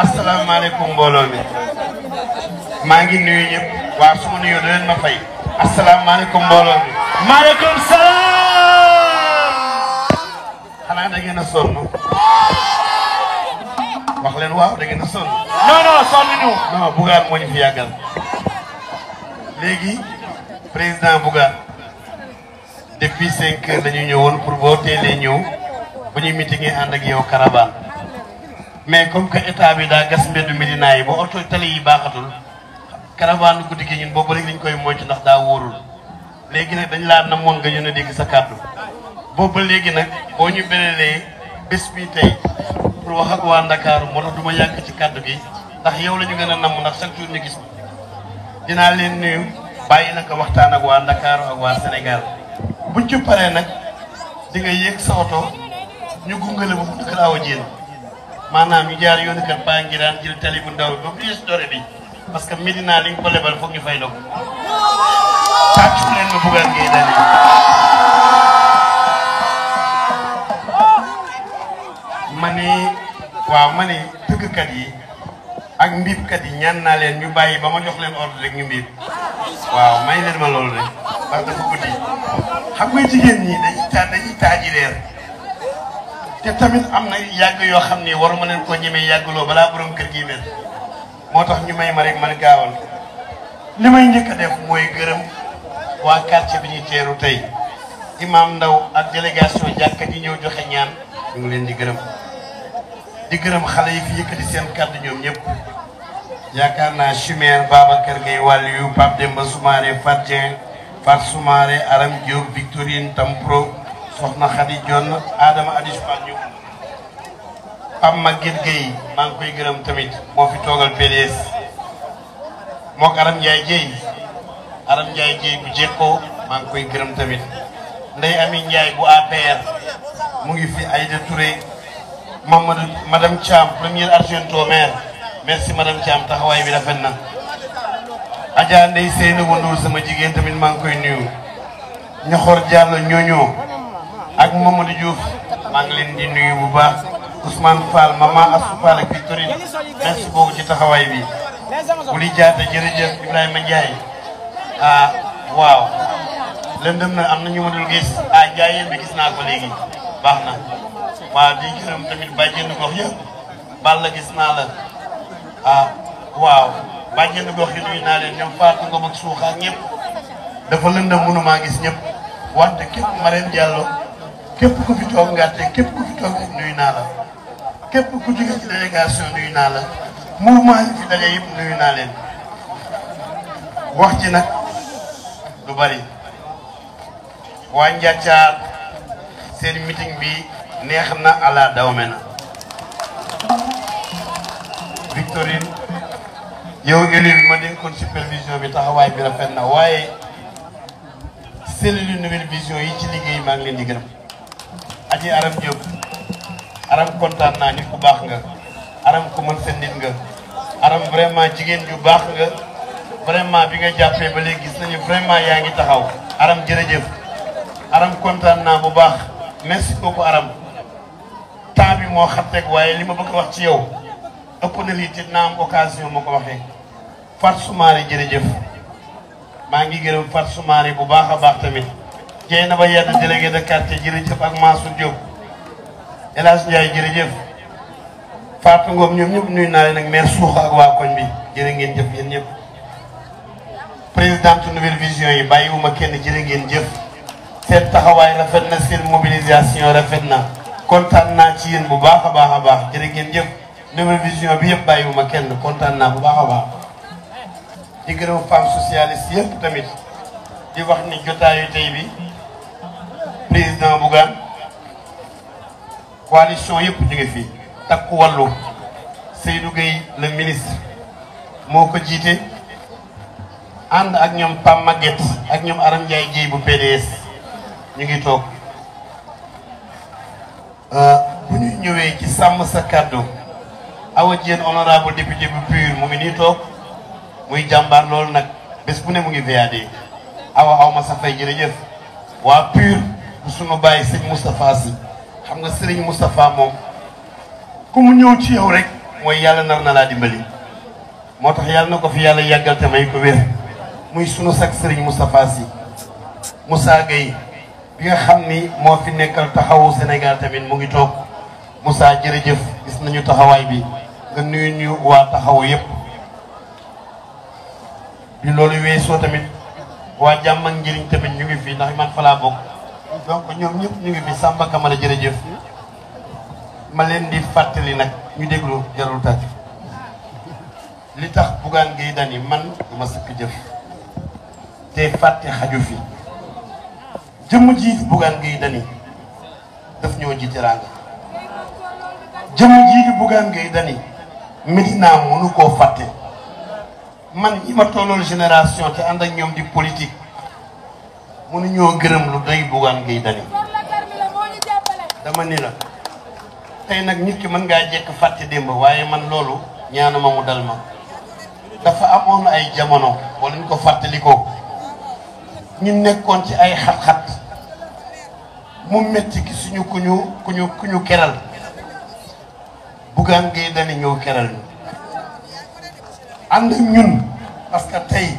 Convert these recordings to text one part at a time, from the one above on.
assalamualaikum mbooloo mi maa ngi nuyu ñep wa su ma nuyoo da leen ma fay asalaamaaleykum mbooloo mi maaleykum salaam xanaa da ngeen a sonn wax len waaw da ngeen a sonn non non sonu ñu non bu moo ñu fi yagal léegi président bu Bougane depuis 5 heures dañu ñëwoon pour voter les ñëw bu ñu meetingee and ak yow Karabane mais comme que état bi daa gas mbeddu Médina yi ba oto tali yi baaxatul caravane guddi gi ñun boobu rek koy moytu ndax daa wóorul léegi nag dañ laa namoon nga ñu ne dégg sa kàddu booba léegi nag boo ñu belelee bés bi tey pour wax ak waa Ndakaaru moo tax du ma ci kàddu gi ndax yow lañu ñu gën a namm ndax chaque jour gis dinaa leen nuyu bàyyi na ko waxtaan ak waa Ndakaaru ak waa Sénégal buñ ci paree nag di yéeg sa oto ñu gunge la ba maanaam kan kan ñu jaar yoonu kër Paa Ngiraan jël tali bu ndaw bi ba mu doore bi parce que Medina li ko lebal foog ngi fay la ko. tàccu leen ma bugal ngay dali. mané wa mané ma kat yi ak mbib kat yi ñaan na len ñu bayyi ba ma jox len ordre rek ñu mbib waaw may leen ma lolou rek wax dafa guddi xam nga jigéen ñi dañuy taa dañuy taaji leer. te tamit am na yàgg yoo xam ne ni waruma leen ko ñemee yàggloo balaa borom kër gi mel moo tax ñu may ma rek man gaawal li may njëkk a def mooy gërëm waa quartier bi ñu teeru tey imam ndaw ak délégation jàkka ji ñëw joxe ñaan ñu ngi leen di gërëm di gërëm xale yi fi yëkkati seen kàddu ñoom ñëpp yaakaar naa Chimère kër Gueye wàllu yu Pape Demba Soumaré Fat Dieng Fat Soumaré Aram Diop Victorine Tampro soxna Khady Dione Adama Adi Soumaré Pam Maguette Gueye maa ngi koy gërëm tamit moo fi toogal PDS mook Aram Ndiaye Gueye Aram Ndiaye bu jekkoo maa ngi koy gërëm tamit nday Ami njaay bu APR mu ngi fi ay Touré Mamadou madame Thiam première adjointe au maire merci madame Thiam taxawaay bi rafet na. Adja Ndeye Seyna Wandoor sama jigéen tamit maa ngi koy nuyu. ñoxor Diallo ñooñoo. ak Mamadou Diouf maa ngi leen di nuyu bu baax Ousmane Fall maman Assou Fall ak Victorine merci beaucoup ci taxawaay bi. Wuli Diatta jërëjëf Ibrahima Ndiaye ah waaw lëndëm na am na ñu mënul gis ah Ndiaye bi gis naa ko léegi baax na waaw di gërëm tamit bàjjenu gox yëpp Balla gis naa la ah waaw bàjjenu gox yi nuyu naa leen ñoom Fatou Ngom ak maa gis ñëpp wante képp Marème Diallo. képp ku fi toog Ngate képp ku fi toog nuyu naa la képp ku jóge ci délégation nuyu naa la mouvement yi fi daje yëpp nuyu naa leen wax ji nag lu bari waa Njaacaar seen meeting bi neex na ala dawme na Victorine yow élule ma dénkoon supervision bi taxawaay bi rafet na waaye cellule nouvelle vision yi ci liggéey maa ngi leen di gërëm ñi aram jóg aram kontaan naa nit ku baax nga aram ku mën nga aram vraiment jigéen ju baax nga vraiment bi nga jàppee ba léegi gis nañu vraiment yaa ngi taxaw aram jërëjëf aram kontaan naa bu baax merci beaucoup aram temps bi moo xam waaye li ma bëgg wax ci yow ëpp na lii te naa am occasion ma ko waxee Fatou Soumaré jërëjëf maa ngi gërëm Fatou Soumaré bu baax a baax tamit Dieynaba Yène délégué de quartier jërëjëf ak Mansour Diop El Hadj Ndiaye jërëjëf Fatou Ngom ñoom ñëpp nuyu naa leen ak maire Suuxa ak waa koñ bi jërë ngeen jëf yéen ñëpp présidente nouvelle vision yi bàyyiwuma kenn jërë ngeen jëf seen taxawaay rafet na seen mobilisation rafet na kontaan naa ci yéen bu baax a baax a baax jërë ngeen jëf nouvelle vision bi yëpp bàyyiwuma kenn kontaan naa bu baax a baax di gërëm femme socialiste yëpp tamit di wax ni jotaayu tey bi président Bougane coalition yëpp ñu ngi fi takku wàllu Seydou Gueye le ministre moo ko jiite ak ñoom Pam Maguette ak ñoom Aram Ndiaye Dieye bu PDS ñu ngi toog euh, bu ñu ñëwee ci sàmm sa kàddu Awa Diène honorable député bu PUR mu ngi nii toog muy jàmbaar loolu nag bés bu ne mu ngi VAD awa aw sa fay jërëjëf waa PUR suñu bàyyi sëñ Moustapha si xam nga sëriñ Moustapha moom ku mu ñëw ci rek mooy yàlla nar na laa dimbali moo tax yàlla na ko fi yàlla yàggal te may wér muy sunu sak sëriñ Moustapha si Moussa Gueye bi nga xam ni moo fi nekkal taxawu Sénégal tamit mu ngi toog Moussa jërëjëf gis nañu taxawaay bi nga nuyu ñu waa taxawu yépp bi loolu weesoo tamit waa jàmm ak njëriñ tamit ñu ngi fii ndax man fa donc ñoom ñëpp ñu ngi fi Samba Kamara jërëjëf ma leen di fàttali nag ñu déglu jarul tàcc li tax Bougane Gueye Dany man ma sëkk jëf te fàtte xaju fi jëmm ji Bougane Gueye Dany daf ñoo ji teraanga jëmm ji Bougane Gueye Dany Médina mënu koo fàtte man ñi ma tollool génération te ànd ak ñoom di politique mënuñoo gërëm lu doy Bougane Gueye Dany dama ni la tey nag nit ki mën ngaa jekk fàtte démb waaye man loolu ñaanuma mu dal ma dafa amoon ay jamono wala ñu ko fàttalikoo ñu nekkoon ci ay xat-xat mu metti ki suñu ku ñu ku ñu ku ñu keral Bougane Gueye Dany ñëw keral ñu ànd ñun parce que tey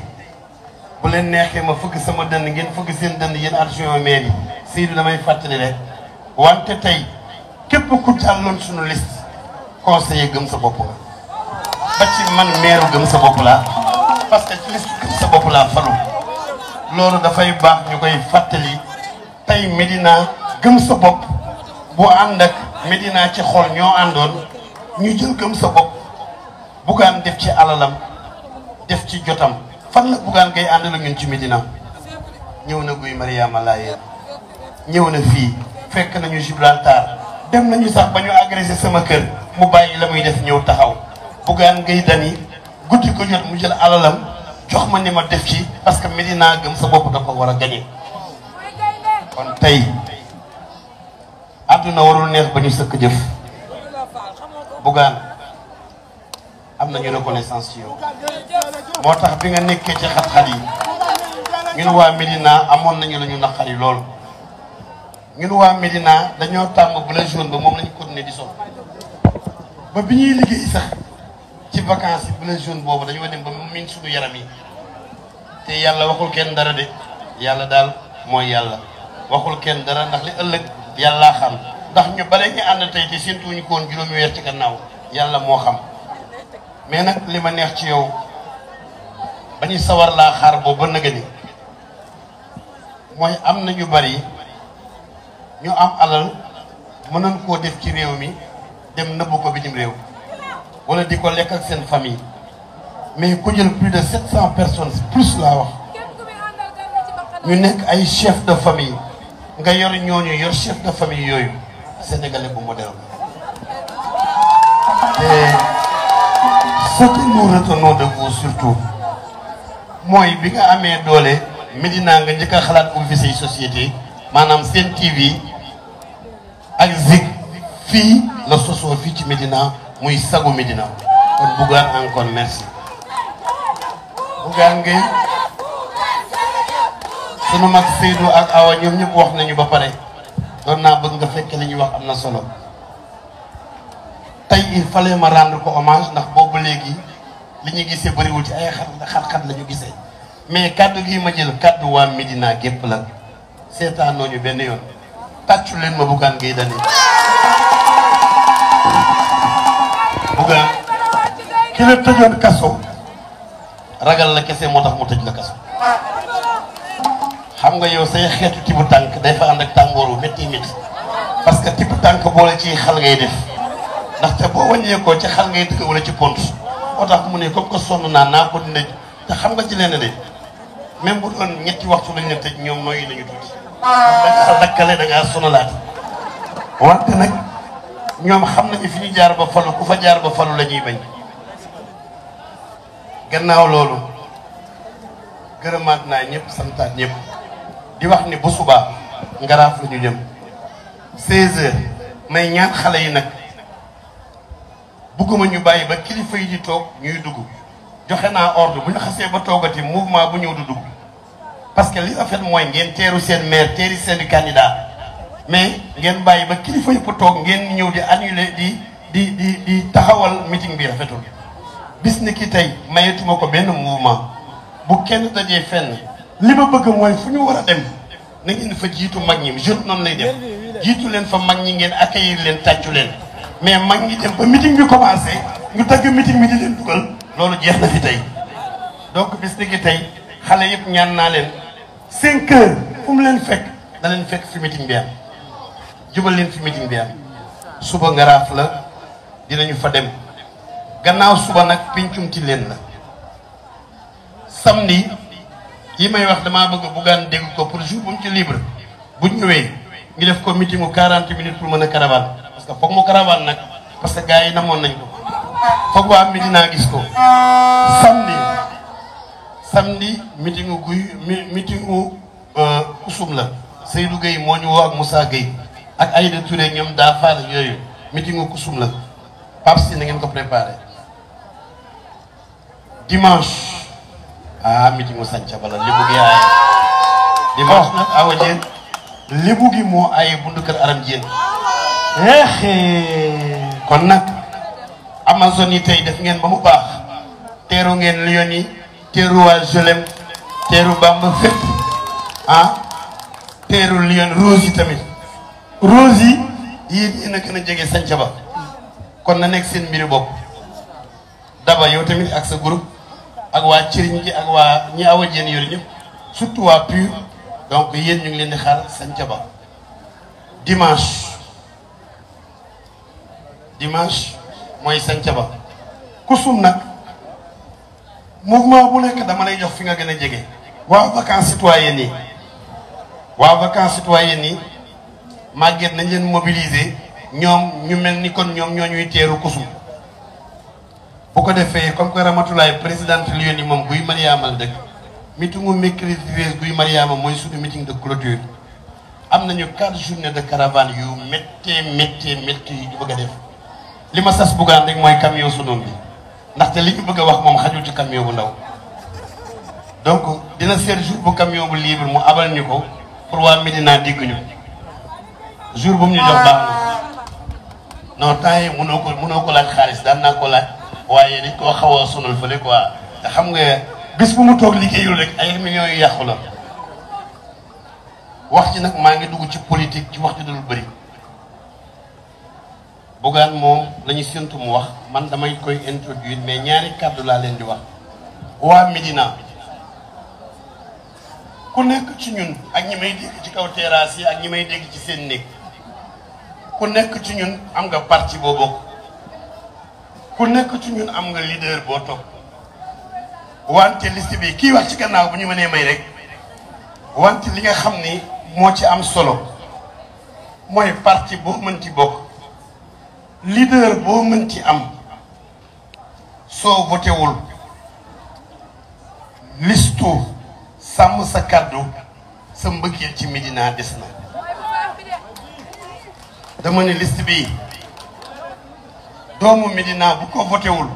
bu leen neexee ma fëgg sama dënd ngeen fëgg seen dënd yéen adjoint maire yi Seydou damay fàttali rek wante tey képp ku jàlloon suñu liste conseiller gëm sa bopp la ba ci man maire gëm sa bopp laa parce que ci liste gëm sa bopp laa falu loolu dafay baax ñu koy fàttali tey Médina gëm sa bopp bu ànd ak Médina ci xol ñoo àndoon ñu jël gëm sa bopp bugaan def ci alalam def ci jotam fan la Bougane Gueye ànd la ñun ci Médina ñëw na Guy Mariama Laye ñëw na fii fekk nañu Gibraltar dem nañu sax ba ñu agressé sama kër mu bàyyi la muy def ñëw taxaw Bougane Gueye Dany guddi ko jot mu jël alalam jox ma ni ma def ci parce que Médina gëm sa bopp da ko war a gañe kon tey àdduna warul neex ba ñu sëkk jëf Bougane amna ñu reconnaissance yo motax bi nga nekké ci xat-xat ñun wa medina amon nañu lañu nakari lool ñun wa medina dañu tàmm bu la jaune ba mom lañu continuer di sol ba biñuy liggéey sax ci vacances bu la jaune bobu dañu dem ba min suñu yaram yi té yalla waxul kenn dara dé yalla dal moy yalla waxul kenn dara ndax li ëlëk yalla xam ndax ñu bare ñu ànd tey te séntuwuñu ko woon juroom wër ci gannaaw yalla mo xam mais nag li ma neex ci yow ba ñu sawar laa xaar boobu ba nëgë mooy am na ñu bari ñu am alal mënoon koo def ci réew mi dem nëbbu ko bitim réew wala di ko lekk ak seen famille mais ku jël plus de sept cent personnes plus laa wax ñu nekk ay chef de famille nga yor ñooñu yor chef de famille yooyu sénégalais bu modèle te ce que nous retenons de vous surtout mooy bi nga amee doole Médina nga njëkk a xalaat ubbi say société maanaam seen TV ak Zik fii la sosoo fii ci Médina muy sagu Médina kon Bougane encore merci Bougane Gueye sunu mag Seydou ak Awa ñoom ñëpp wax nañu ba pare doon naa bëgg nga fekk lañuy wax am na solo tey il fallait ma rendre ko hommage ndax boobu léegi li ñu gisee bëriwul ci ay xat-xat la gisee mais kaddu gi ma jël kaddu waa naa gépp la seetaanoo ñu benn yoon tàccu leen ma Bougane Gueye Dany kaso ragal la kese moo tax mu tëj la kaso xam nga yow say xeetu tibu tànk day fa ànd ak tàngooru métti métti parce que tibu tànk boole ci xal ngay def ndaxte boo wàññeekoo ci xal ngay dëkk wala ci pont moo tax mu ne comme que sonn naa naa ko dina te xam nga ci leen de même bu doon ñetti waxtu lañ leen tëj ñoom nooyi nañu tuuti da sa dakkale da ngaa sonalaat wante nag ñoom xam nañu fi ñu jaar ba falu ku fa jaar ba falu la ñuy bañ gannaaw loolu gërëmaat naa ñëpp santaat ñëpp di wax ni bu subaa ngaraaf ñu jëm 16 heures may ñaan xale yi nag bugguma ñu bàyyi ba kilifa yi di toog ñuy dugg joxe naa ordre bu ñu xasee ba toogati mouvement bu ñëw du dugg parce que li rafet mooy ngeen teeru seen maire teeri seen candidat mais ngeen bàyyi ba kilifa yëpp toog ngeen ñëw di annuler di di di di taxawal meeting bi rafetul bis ni ki tey mayetuma ko benn mouvement bu kenn dajee fenn li ma bëgg mooy fu ñu war a dem na fa jiitu mag ñi jour noonu lay def jiitu leen fa mag ñi ngeen accueillir leen tàccu leen mais mag ñi dem ba meeting bi commencé ñu tagg meeting bi di leen dugal loolu jeex na fi tey donc bis ni tey xale yëpp ñaan naa leen cinq heures fu mu leen fekk da leen fekk fi meeting bi am jubal leen fi meeting bi am la dinañu fa dem gannaaw suba nag pincumti leen la samedi yi may wax damaa bëgg buggaan dégg ko pour jour bu mu ci libre bu ñëwee ñu def ko meeting mu 40 minutes pour mën a caravane parce que foog mu caravane nag parce que gars yi namoon nañ ko foog waa Medina gis ko samedi samedi meeting guy meeting Kusum euh, la Seydou Gueye moo ñu woo ak Moussa Gueye ak Aïda Touré ñoom daa faal yooyu meeting Kusum la Pape si ko préparé dimanche ah meeting u Bala li bëgg yaay dimanche nag awa jeen lébu moo ay bundu kër aram jeen kon nag amazone yi tey def ngeen ba mu baax teeru ngeen Lyon yi teeru waa Jolem teeru Bamba fépp ah teeru Lyon rose yi tamit rose yi yéen a gën a jege sanca ba kon na nekk seen mbiru bokk daba yow tamit ak sa group ak waa cëriñ gi ak waa ñi awa jeen yori ñëpp surtout waa PUR donc yéen ñu ngi leen di xaar sanca ba dimanche dimanche mooy sancaba kusum nag mouvement bu nekk dama lay jox fi nga gën a jege waa vacances citoyennes yi waa vacances citoyennes yi màgget nañ leen mobiliser ñoom ñu mel ni kon ñoom ñoo ñuy teeru kusum bu ko defee comme que Ramatulaay présidente Lyon yi moom Guy Mariama la dëkk meetingu mercredi Guy Mariama mooy suñu meeting de clôture am nañu quatre journées de caravane yu méttee méttee méttee yu ñu ko def li ma sas buggaan rek mooy camion sunum bi ndaxte li ñu bëgg a wax moom xajul ci camion bu ndaw donc dina seet jour bu camion bu libre mu abal ñu ko pour waa Médina dégg ñu jur bu mu ñu jox baax na non temps yi mënoo ko mënoo ko laaj xaalis daan laaj waaye dañ koo xaw a sonal fële quoi te xam nga bis bu mu toog liggéeyul rek ay millions yu yàqu la wax ci nag maa ngi dugg ci politique ci wax ci dul bëri Bougane moom la ñu mu wax man damay koy introduire mais ñaari kàddu laa leen di wax waa Médina ku nekk ci ñun ak ñi may dégg ci kaw terrasse yi ak ñi may dégg ci seen néeg ku nekk ci ñun am nga parti boo bokk ku nekk ci ñun am nga leader boo topp wante liste bi kii wax ci gannaaw bu ñu mënee may rek wante li nga xam ni moo ci am solo mooy parti boo mën ci bokk leader boo mën ci am soo votewul listu sàmm sa kàddu sa mbëggeel ci Médina des na dama ne liste bi doomu Médina bu ko votewul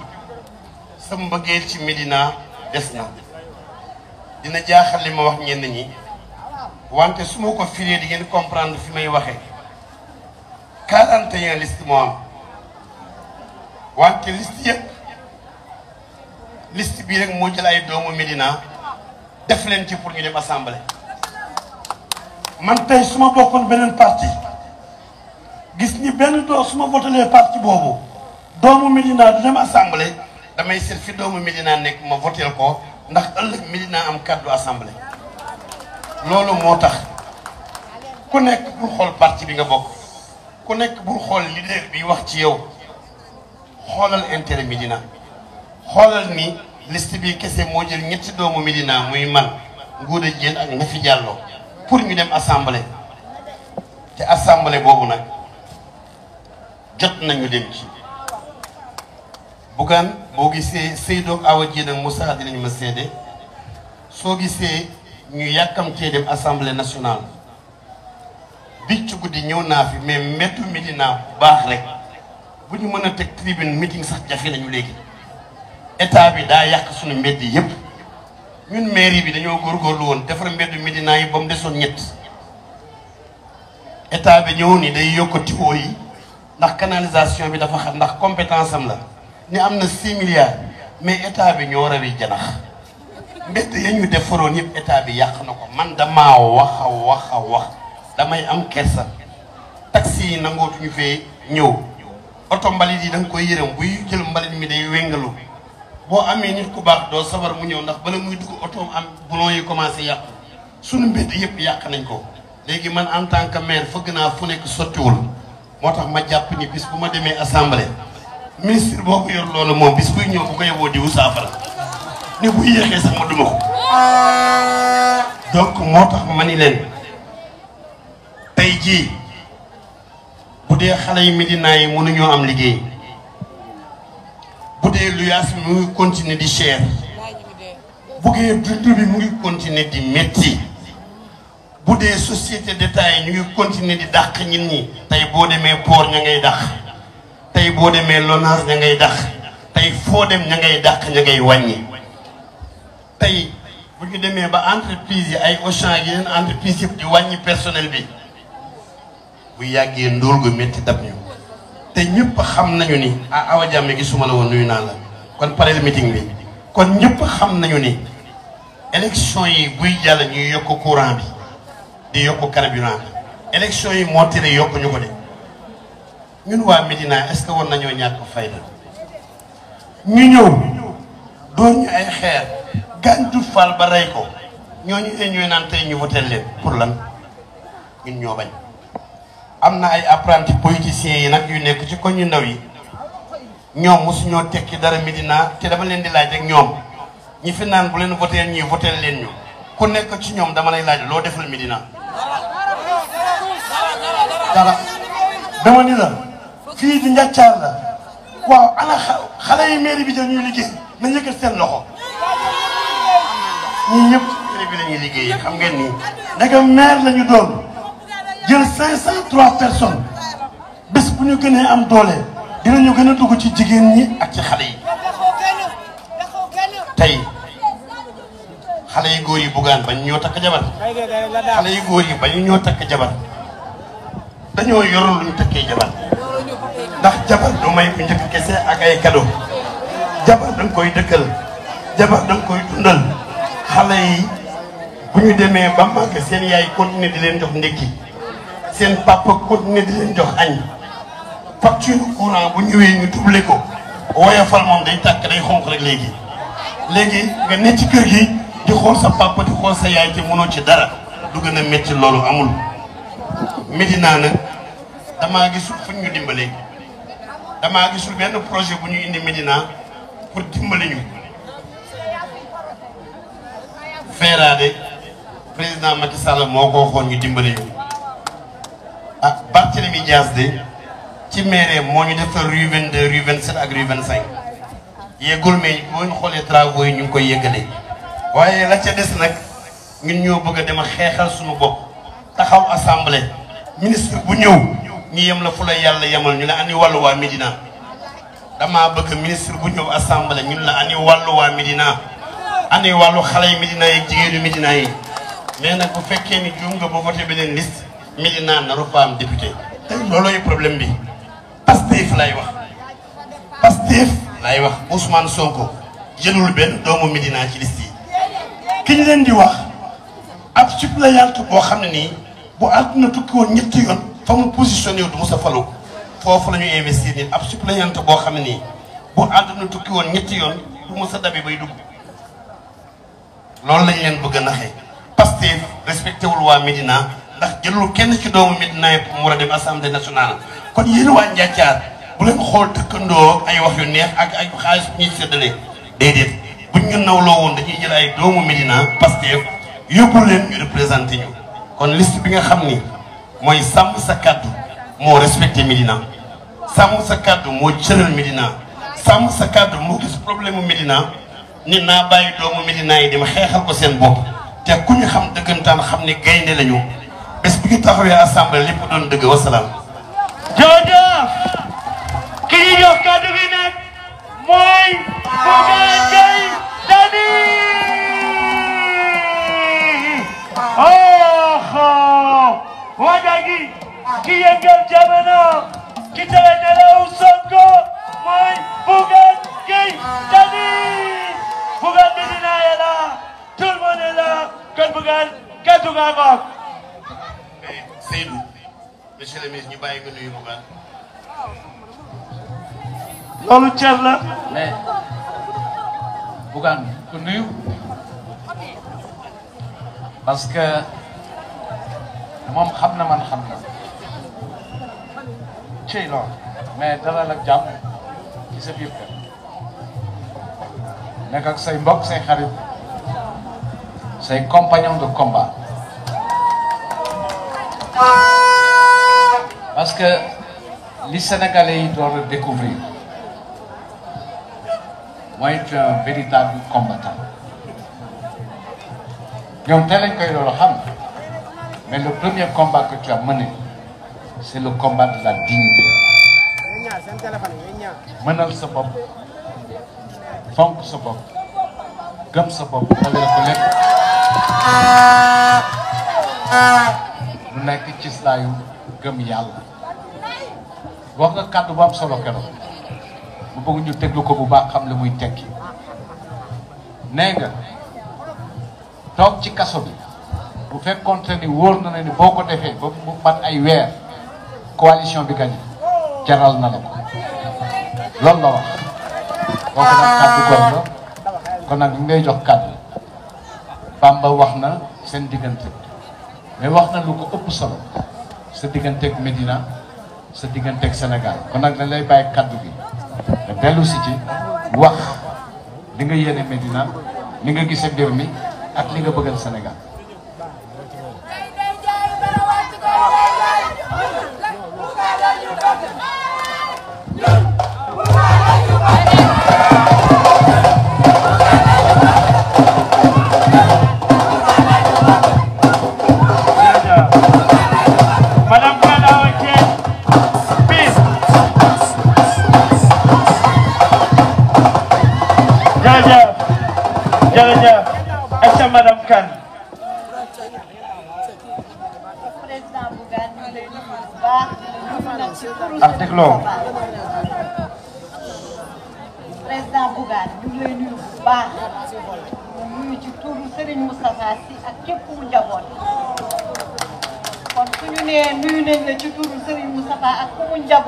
sa mbëggeel ci Médina des na dina jaaxal li ma wax ñenn ñi wante su ma ko firee di ngeen comprendre fi may waxe quarante list un wante liste yëpp liste bii rek moo jël ay doomu Médina def leen ci pour ñu dem assemblée. man tey su ma bokkoon beneen parti gis ni benn doo su ma votalee parti boobu doomu Médina du dem assemblée damay seet fi doomu Médina nekk ma voteel ko ndax ëllëg Médina am kàddu assemblée loolu moo tax ku nekk bul xool parti bi nga bokk ku nekk bul xool leader bi wax ci yow. xoolal intérêt Médina xoolal ni list bi kese moo jël ñetti doomu Médina muy man Ngouda Diène ak Nafi jàlloo pour ñu dem assemblée te assemblée boobu nag jot nañu dem ci Bougane boo gisee Seydou Awa Diène ak Moussa dinañ ma seede soo gisee ñu yàkkamtee dem assemblée nationale bi ci guddi ñëw naa fi mais méttu Médina bu baax rek bu ñu mën a teg tribune meeting sax jafe nañu léegi état bi daa yàq suñu mbedd yëpp ñun mairie bi dañoo góorgóorlu woon defar mbedd Médina yi ba mu desoon ñett état bi ñëw nii day yokk tuyaux yi ndax canalisation bi dafa xam ndax compétence am la ni am na 6 milliards mais état bi ñoo rawi janax mbedd ya ñu defaroon yëpp état bi yàq na ko man damaa wax a wax a wax damay am kersa taxi yi nangootuñu fee ñëw. oto mbalit yi da koy yërëm buy jël mbalit mi day wéngalu boo amee nit ku baax doo sabar mu ñëw ndax bala muy dugg otoom am bulon yi commencé yàqu suñu mbedd yëpp yàq nañ ko léegi man en tant que maire fëgg naa fu nekk sottiwul moo tax ma jàpp ni bis bu ma demee assemblée ministre boobu yor loolu moom bis buy ñëw bu ko yeboo diwu saafara ni bu yéexee sax ma duma ko ah. donc moo tax ma ni leen tey jii bu dee xale yi Médina yi mënuñoo am liggéey bu dee luyaas bi mu ngi di cher bu dee bi mu ngi continuer di métti bu dee société d'État yi ñu ngi continuer di dàq nit ñi. tey boo demee port ña ngay dàq tey boo demee lonage ña ngay dàq tey foo dem ña ngay dàq ña ngay wàññi tey bu ñu demee ba entreprise yi ay Auchan ak yeneen entreprise yëpp di wàññi personnel bi. bu yàggee ndóol gu métti dab ñu te ñëpp xam nañu ni ah Awa Diame gisuma la woon nuyu naa la kon pareel meeting bi kon ñëpp xam nañu ni élection yi buy jàll ñuy yokk courant bi di yokk carburant bi élection yi moo tere yokk ñu ko de ñun waa Médina est-ce que war nañoo ñàkk fayda ñu ñëw doon ñu ay xeer gàntu faal ba rey ko ñooñu ñooy naan tey ñu voté leen pour lan ñun ñoo bañ. am na ay apprenti politiciens yi nag yu nekk ci koñ yu ndaw yi ñoom mosuñoo tekki dara Médina te dama leen di laaj rek ñoom ñi fi naan bu leen voté ñuy voté leen ñu ku nekk ci ñoom dama lay laaj loo deful Médina dara dama ni la fii di njàccaar la waaw ana xale yi mairie bi da ñuy liggéey na yëkkat seen loxo ñii ñëpp mairie bi la ñuy liggéey xam ngeen nii ndegam maire la doon jël 503 personnes bés bu ñu gënee am doole dinañu gën a dugg ci jigéen ñi ak ci xale yi tey xale yu góor yi buggaan bañ ñoo takk jabar xale yu góor yi bañ ñoo takk jabar dañoo yorul luñ takkee jabar ndax jabar du may bu njëkk kese ak ay cadeau jabar da koy dëkkal jabar da nga koy dundal xale yi bu ñu demee ba manqué seen yaay continuer di leen jox ndékki seen papa continué di leen jox añ facture courant bu ñëwee ñu doublé ko woyofal moom day tàkk day xonq rek léegi léegi nga ne ci kër gi di xool sa papa di xool yaay ci mënoo ci dara du gën a métti loolu amul Médina nag damaa gisul fu ñu dimbalee damaa gisul benn projet bu ñu indi Médina pour dimbali ñu feeraade président Macky Sall moo ko waxoon ñu dimbale ñu ah Barthélemy Dias de ci mairie moo ñu defar rue 22 rue 27 ak rue 25 yeggul mais boo ñu xoolee travaux yi ñu ngi koy yëggalee waaye la ca des nag ñun ñoo bëgg a dem a xeexal suñu bopp taxaw assemblée ministre bu ñëw ñu yem la fu la yàlla yemal ñu la ani wàllu waa Médina damaa bëgg ministre bu ñëw assemblée ñun la ani wàll waa Médina ani wàll xale yi Médina yi jigéenu Médina yi mais nag bu fekkee ni juum nga ba beneen liste. Médina naru fa am député tey loolooyu problème bi Pastef lay wax Pastef lay wax Ousmane Sonko jëlul benn doomu midina ci liste ki ñu leen di wax ab suppléante boo xam ne nii bu àdduna tukki woon ñetti yoon fa mu positionné wu du mu sa falu foofu la ñuy investir nit ab suppléante boo xam ne nii bu àdduna tukki woon ñetti yoon du mu sa dabe bay dugg loolu lañ leen bëgg a naxee Pastef respecté wul waa Médina ndax jëlul kenn ci doomu Médina pour mu war a dem assemblée nationale kon yéen waa Njaacaar bu leen xool dëkkandoo ay wax yu neex ak ay xaalis bu ñuy séddale déedéet buñ ñu nawloo woon dañuy jël ay doomu Médina Pastef yóbbu leen ñu représenté ñu kon liste bi nga xam ni mooy sàmm sa kàddu moo respecté Médina sàmm sa kàddu moo cëral Médina sàmm sa kàddu gis problème mu Médina ni naa bàyyi doomu Médina yi dem xeexal ko seen bopp te ku ñu xam dëggantaan xam ni gaynde lañu bis tak ñu taxawee assemblée lépp doon dëgg wasalaam. jërëjëf ki ñuy jox oh ho, gi ki yëngal jamono ki tere nelaw Sonko mooy Bougane Gueye Dany Bougane Gueye Dany naa tout le monde est là Seydou monsieur le ministre ñu bàyyi nga nuyu bu baax. loolu cër la. mais Bougane ku nuyu parce que moom xam na man xam na cëy lool mais dalal ak jàmm ci sa biir kër nekk ak say mbokk say xarit say compagnon de combat. Parce que les Sénégalais doivent découvrir moi suis un véritable combattant. Mais le premier combat que tu as mené, c'est le combat de la dignité. Menal sa bob. fonk sa bopp gëm sa bopp wala ko lépp nekk ci saayu gëm yàlla wax nga kàddu bu am solo keroog bu bëgg ñu ko bu baax xam li muy tekki nee toog ci kaso bi bu fekkoonte ni wóor na ne ni boo ko defee ba mu ay weer coalition bi gañe jaral na la ko loolu la wax kooku nag kàddu góor kon nag ñu ngay jox kàddu Bamba wax na seen diggante mais wax na lu ko ëpp solo sa digganteeg Medina sa digganteeg senegal kon nag dañ lay bàyyi kàddu bi te dellu si ci wax li nga yéene Medina li nga gisee mbir mi ak li nga bëggal Sénégal.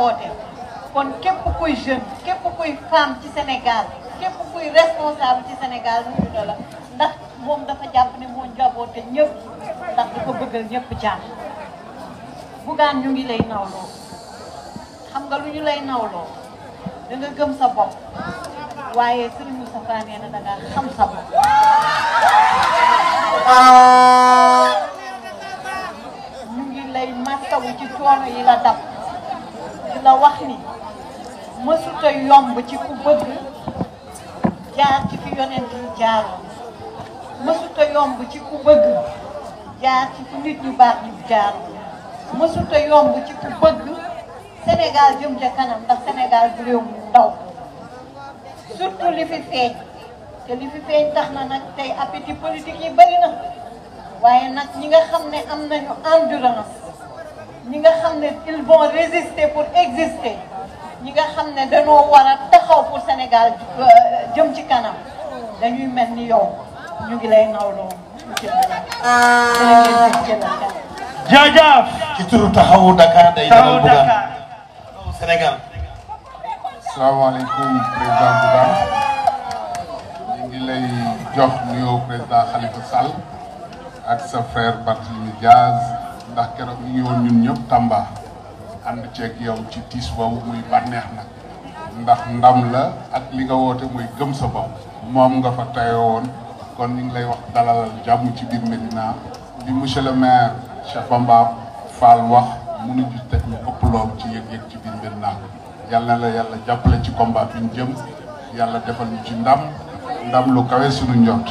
woote kon képp kuy jeune képp kuy femme ci Sénégal képp kuy responsable ci Sénégal ndax moom dafa jàpp ne moo njaboote ñëpp ndax dafa bëggal ñëpp jàmm bugaan ñu ngi lay nawloo xam nga lu ñu lay nawloo da nga gëm sa bopp waaye Serigne Moustapha nee na da xam sa bopp ah. wax ni mësuta yomb ci ku bëgg jaar ci fi yonent yi jaaroon mësuta yomb ci ku bëgg jaar ci fi nit ñu baax ñu jaaroon mësuta yomb ci ku bëgg Sénégal jëm ca kanam ndax Sénégal bu réew mu ndaw surtout li fi feeñ te li fi feeñ tax na nag tey appétit politique yi bari na waaye nag ñi nga xam ne am nañu endurance ñi nga xam ne ils vont résister pour exister ñi nga xam ne dañoo war a taxaw pour Sénégal jëm ci kanam dañuy mel ni yow ñu ngi lay nawloo monsieur jaajëf ci turu taxawu Dakar day dalal Bougane taxawu Sénégal asalaamaaleykum président Bougane ñu ngi lay jox nuyoo président Khalifa Sall ak sa frère Barthélémy Diaz ndax keroog ñu ngi woon ñun ñëpp Tamba ànd ceeg yow ci tiis boobu muy bànneex nag ndax ndam la ak li nga woote muy gëm sa bopp moom nga fa woon kon ni ngi lay wax dalalal jàmm ci biir Médina bi monsieur le maire Cheikh Bamba Fall wax mënuñu teg lu ëpp loolu ci yëg-yëg ci biir Médina yàlla na la yàlla jàppale ci combat bi ñu jëm yàlla defal ñu ci ndam ndam lu kawe suñu njort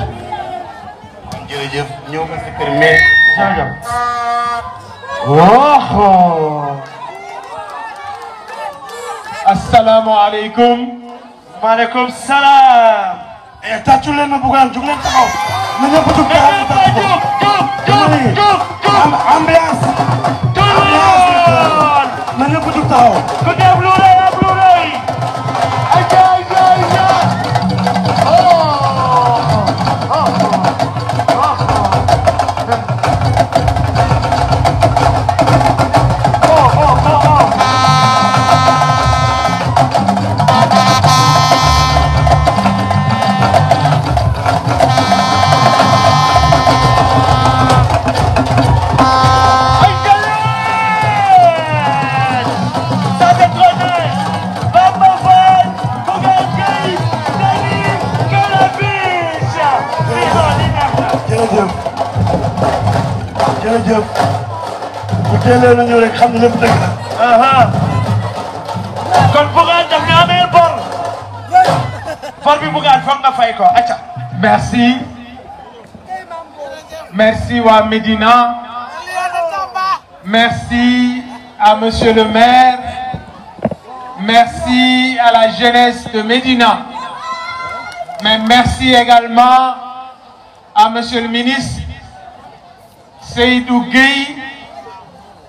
시작합니다. 와호. السلام عليكم وعليكم السلام احتاجوا لنا بوغان جوغ لنا تخاو من يبتو كهان تخاو جوغ جوغ جوغ امبياس امبياس من يبتو تخاو كدابلو merci. merci à Médina. merci à monsieur le maire. merci à la jeunesse de Médina. mais merci également à monsieur le ministre Seydou Gueye.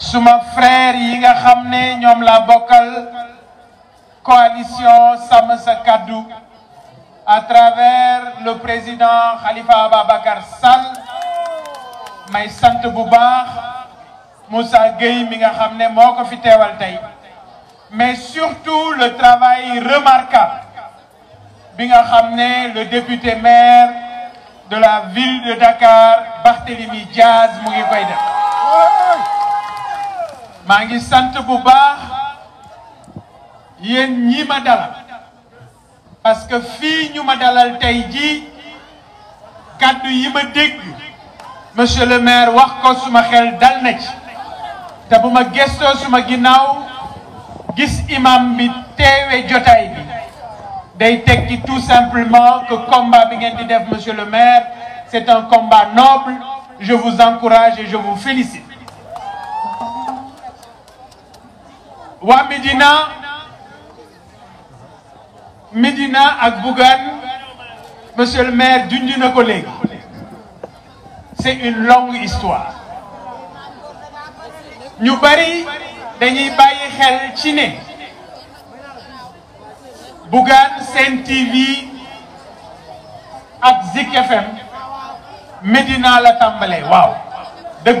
suma frère yi nga xamné ñom la coalition Samassa Kadou à travers le président Khalifa Ababakar Sall may sante bu Moussa Gueye mi nga xamné moko mais surtout le travail remarquable bi nga xamné le député maire de la ville de Dakar Barthélémy Diaz mu mangi sante bu baax yéen ñi ma dalal parce que fi ñu ma dalal tay ji kaddu yi ma dégg monsieur le maire wax ko suma xel dal na ci te bu ma suma ginnaaw gis imam bi teewe jotaay bi day tekki tout simplement que combat bi ngeen di def monsieur le maire c'est un combat noble je vous encourage et je vous félicite wa Medina Medina ak Bougane monsieur le maire d'une d'une ko c'est une longue histoire ñu bari dañuy bàyyi xel ci né Bougane Sen TV ak Zik FM Medina la tambalé waaw c'est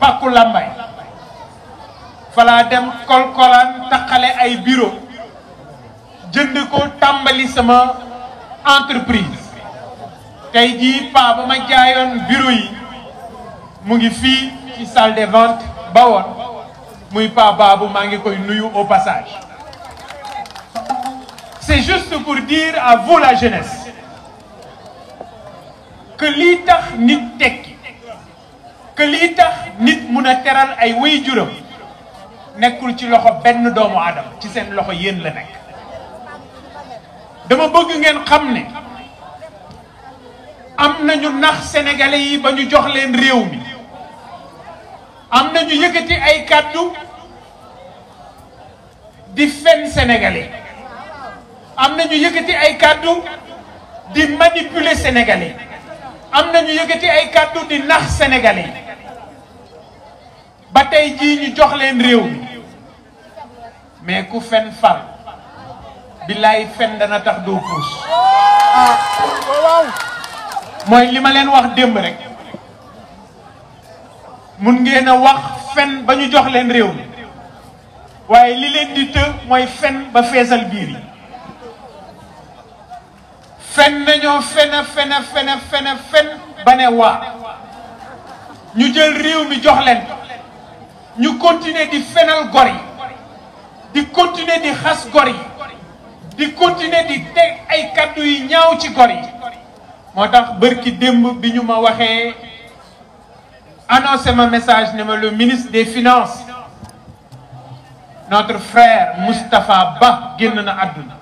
bàkku làmbaay falaa dem kolan takale ay bureau jënd ko tambali sama entreprise Kay jii pa ba ma jaayoon bureau yi mu ngi fii ci salle des ventes ba muy paa baabu maa ngi koy nuyu au passage c'est juste pour dire à vous la jeunesse que lii tax nit que lii tax nit mun a teral ay way juram nekkul ci loxo benn doomu aadama ci seen loxo yéen la nekk dama bëgg ngeen xam ne am nañu nax sénégalais yi ba ñu jox leen réew mi am nañu yëkkati ay kàddu di fen sénégalais am nañu yëkkati ay kàddu di manipuler sénégalais am nañu yëkkati ay kàddu di nax sénégalais ba tey jii ñu jox leen réew mi mais ku fen far billaay fen dana tax doo puus mooy li ma leen wax démb rek mun ngeen a wax fen ba ñu jox leen réew mi waaye li leen di të mooy fen ba feesal biir yi fen nañoo fen a fen a fen a fen a fen ba ne waa ñu jël réew mi jox leen Nous continuer di faire le gori, di continuer di xas gor di continuer di teg ay kàddu yu ñaaw ci gor yi moo tax bërki démb bi ñu ma waxee ma message ne le ministre des finances notre frère Moustapha Ba est na àdduna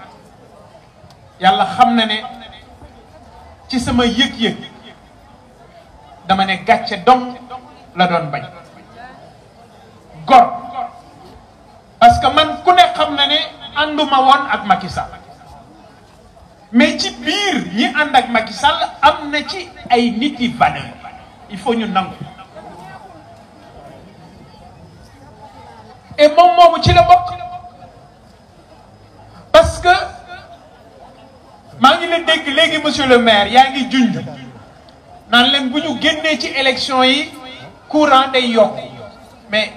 Yalla, xam na ne ci sama yek yek dama ne gatché dom la doon bañ gor parce que man ku ne xam na ne anduma won ak Macky Sall mais ci biir ñi ànd ak Macky Sall am na ci ay nit yi valeur il faut ñu nangu et moom moomu ci la bokk parce que maa ngi leen dégg léegi monsieur le maire yaa ngi junj naan leen bu ñu génnee ci élection yi courant day yokk mais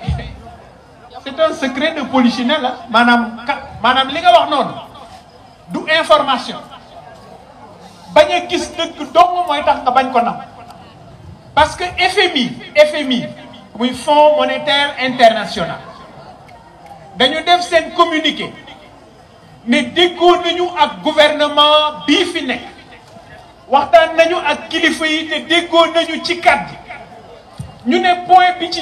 c'est un secret de polichinelle hein. madame, madame information parce que FMI FMI Fonds monétaire international dañu def communiquer. communiqué que gouvernement bi Nous avons ak yi te ne point bi ci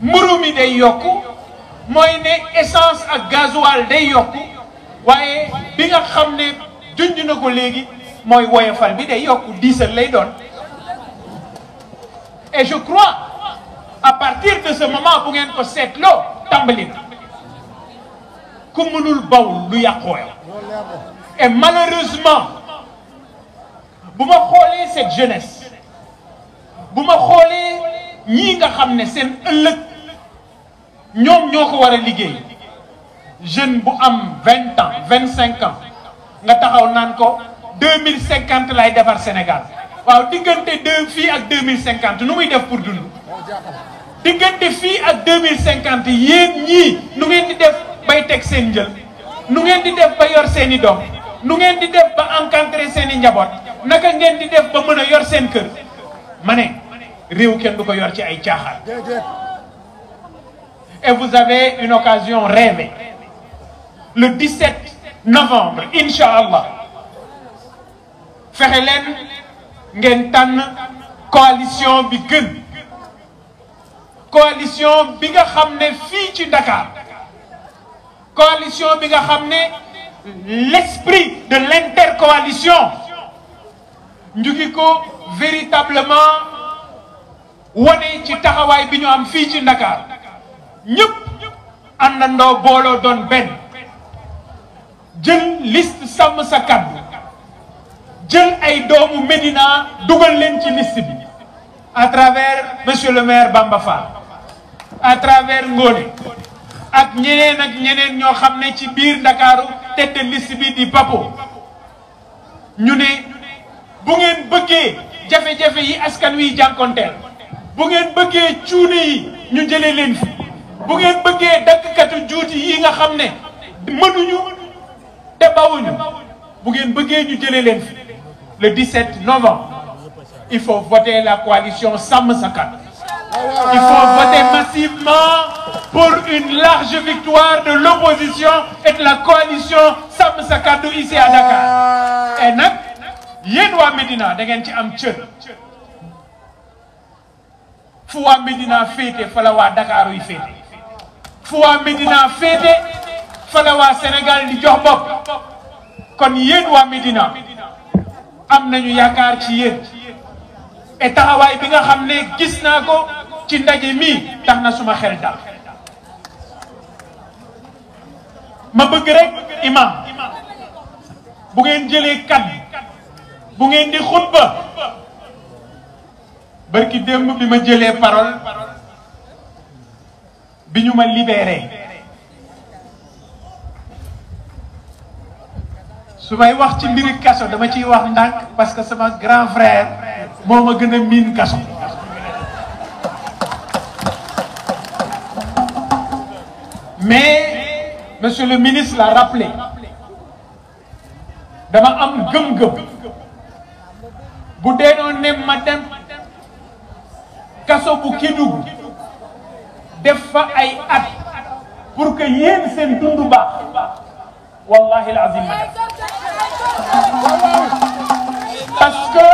murumi mi day yokk essence ak gasoil day yokk waaye bi nga d'une ne junj moy ko léegi woyofal bi lay et je crois à partir de ce moment pour ngeen ko set lo tambalina ku mënul bawul lu yàqoo et malheureusement buma xolé cette jeunesse buma xolé ñi nga xam sen Nyom ñoo wara war liggéey jeune bu am 20 ans 25 ans nga taxaw nan ko 2050 lay défar Sénégal waaw digënté deux fi ak 2050. mille nu muy def pour dund digënté fi ak 2050. yeen ñi nu ngeen di def bay tek seen jël nu ngeen di def ba yor seen i doom nu ngeen di def ba encadrer seen njabot naka ngeen di def ba mëna yor seen kër mané réew kenn du ko yor ci ay tiaxal et vous avez une occasion rêvée. Le 17 novembre, Inch'Allah, Ferelen nous coalition bi coalition Biga nga fille coalition Biga l'esprit de l'intercoalition Ndukiko véritablement wane ñëpp àndandoo booloo doon benn jël liste sàmm sa kàddu jël ay doomu Médina dugal leen ci liste bi à travers monsieur le maire Bamba Fall à travers Ngone ak ñeneen ak ñeneen ñoo xam ne ci biir Ndakaaru tête de bi di Papo ñu ne bu ngeen bëggee jafe-jafe yi askan wi jànkonteel bu ngeen bëggee cuune yi ñu jëlee leen fi bu ngeen bëggee dakkatu juuti yi nga xam ne mënuñu te bawuñu bu ngeen bëggee ñu jëlee leen fi le 17 novembre il faut voter la coalition Sam Sa il faut voter massivement pour une large victoire de l'opposition et de la coalition Sam Sa ici à Dakar et nag yéen Medina, Médina da ngeen ci am cër fu waa medina féete fa la waa Dakar yuy féete fu waa Médina féete fa Sénégal di jox bopp kon yéen waa Médina am nañu yaakaar ci yéen et taxawaay bi nga xam ne gis naa ko ci ndaje mii tax na suma xel dal ma bëgg rek imam bu jëlee kan bu ngeen di xutba barki démb bi ma jëlee parole bi ñu ma libéré su may wax ci mbiri kaso dama ciy wax ndànk parce que sama grand frère moo ma gën a miin kaso mais monsieur le ministre l'a rappelé dama am gëm-gëm bu dee ne ma dem kaso bu Kédougou def fa ay at pour que yéen seen dund baax wallahi alazim ma parce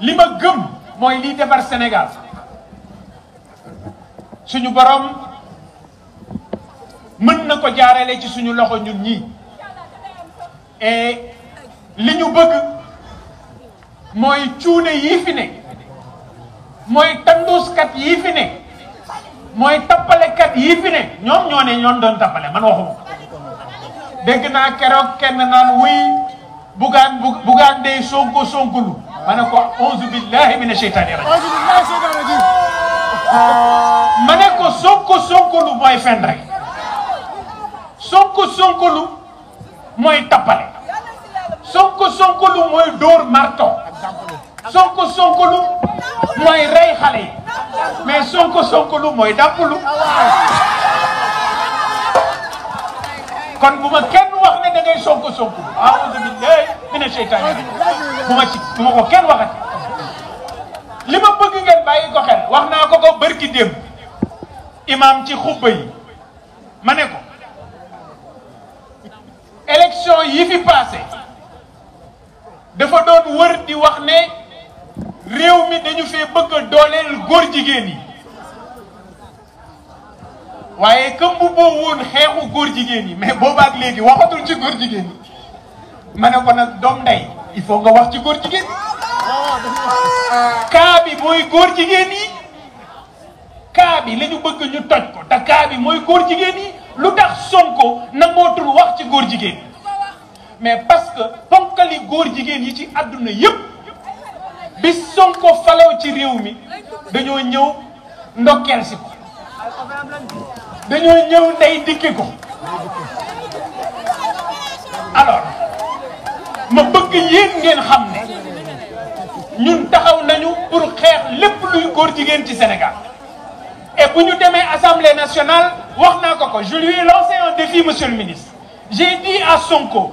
li ma gëm mooy liy defar Sénégal suñu borom mën na ko jaarale ci suñu loxo ñun ñi et li ñu bëgg mooy cuune yii fi ne mooy tanduskat yii fi mooy tappalekat yii fi ne ñoom ñoo ne ñoon doon tappale man waxuma dégg naa keroog kenn naan wuy bugaan bugaan day sonko sonkulu ma ne ko auzu billahi ma ne ko sonko sonkulu mooy fen rek sonko sonkulu mooy tappale sonko sonkulu mooy dóor marto sonko sonkolu mooy rey xale yi mais sonko sonkolu mooy dàmpulu kon bu ma kenn wax ne da ngay sonko sonkolu a'uuzu billahi mina sheytaani bu ma ci bu ma ko kenn waxati li ma bëgg ngeen bàyyi ko xel wax naa ko ko bërki démb imaam ci xubba yi ma ne ko élection yi fi passé dafa doon wër di wax ne réew mi dañu fee bëgg a dooleel góor jigéen yi waaye comme boo woon xeexu góor jigéen yi mais boobaak léegi waxatul ci góor jigéen yi ma ne ko nag doom ndey il faut nga wax ci góor jigéen kaa yi kaa bi bëgg ñu toj ko te kaa bi mooy góor jigéen yi lu tax Sonko nangootul wax ci góor jigéen mais parce que ponkali góor jigéen yi ci àdduna yépp bi falaw ci rewmi mi ñew ñëw ci ko dañoo ñew ndey dikki ko alors ma bëgg yeen ngeen xam ñun taxaw nañu pour xeex lepp luy góor jigéen ci Sénégal et buñu démé assemblée nationale waxna ko ko je lui ai lancé un défi monsieur le ministre j'ai dit à Sonko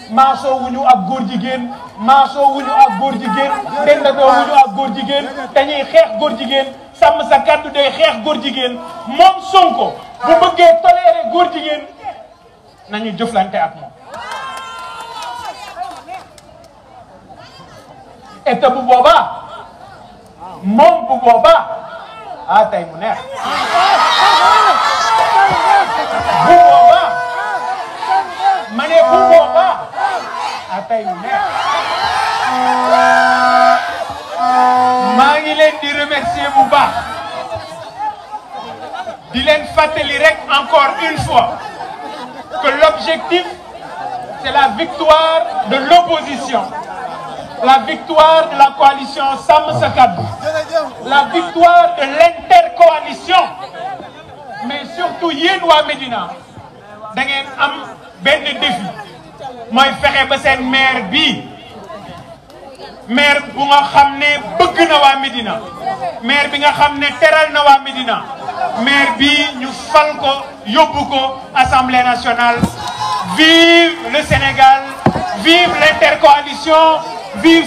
maasoo wuñu ak góor jigéen maasoo wuñu ak góor jigéen dendadoo wuñu ak góor jigéen xeex góor jigéen sàmm sa kàddu day xeex góor jigéen moom Sonko bu bëggee toléré góor jigéen nañu jëflante ak moom. et bu boobaa moom bu boobaa ah tey mu neex bu boobaa ma bu boobaa. maa dit remercier bu di encore une fois que l'objectif c'est la victoire de l'opposition la victoire de la coalition Sam Sa la victoire de l'intercoalition mais surtout Yenoua Medina, Médina da défi moi je ba sen maire bi maire bu nga bëgg na maire bi nga maire bi ñu fal ko assemblée nationale vive le Sénégal vive l'intercoalition vive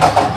vive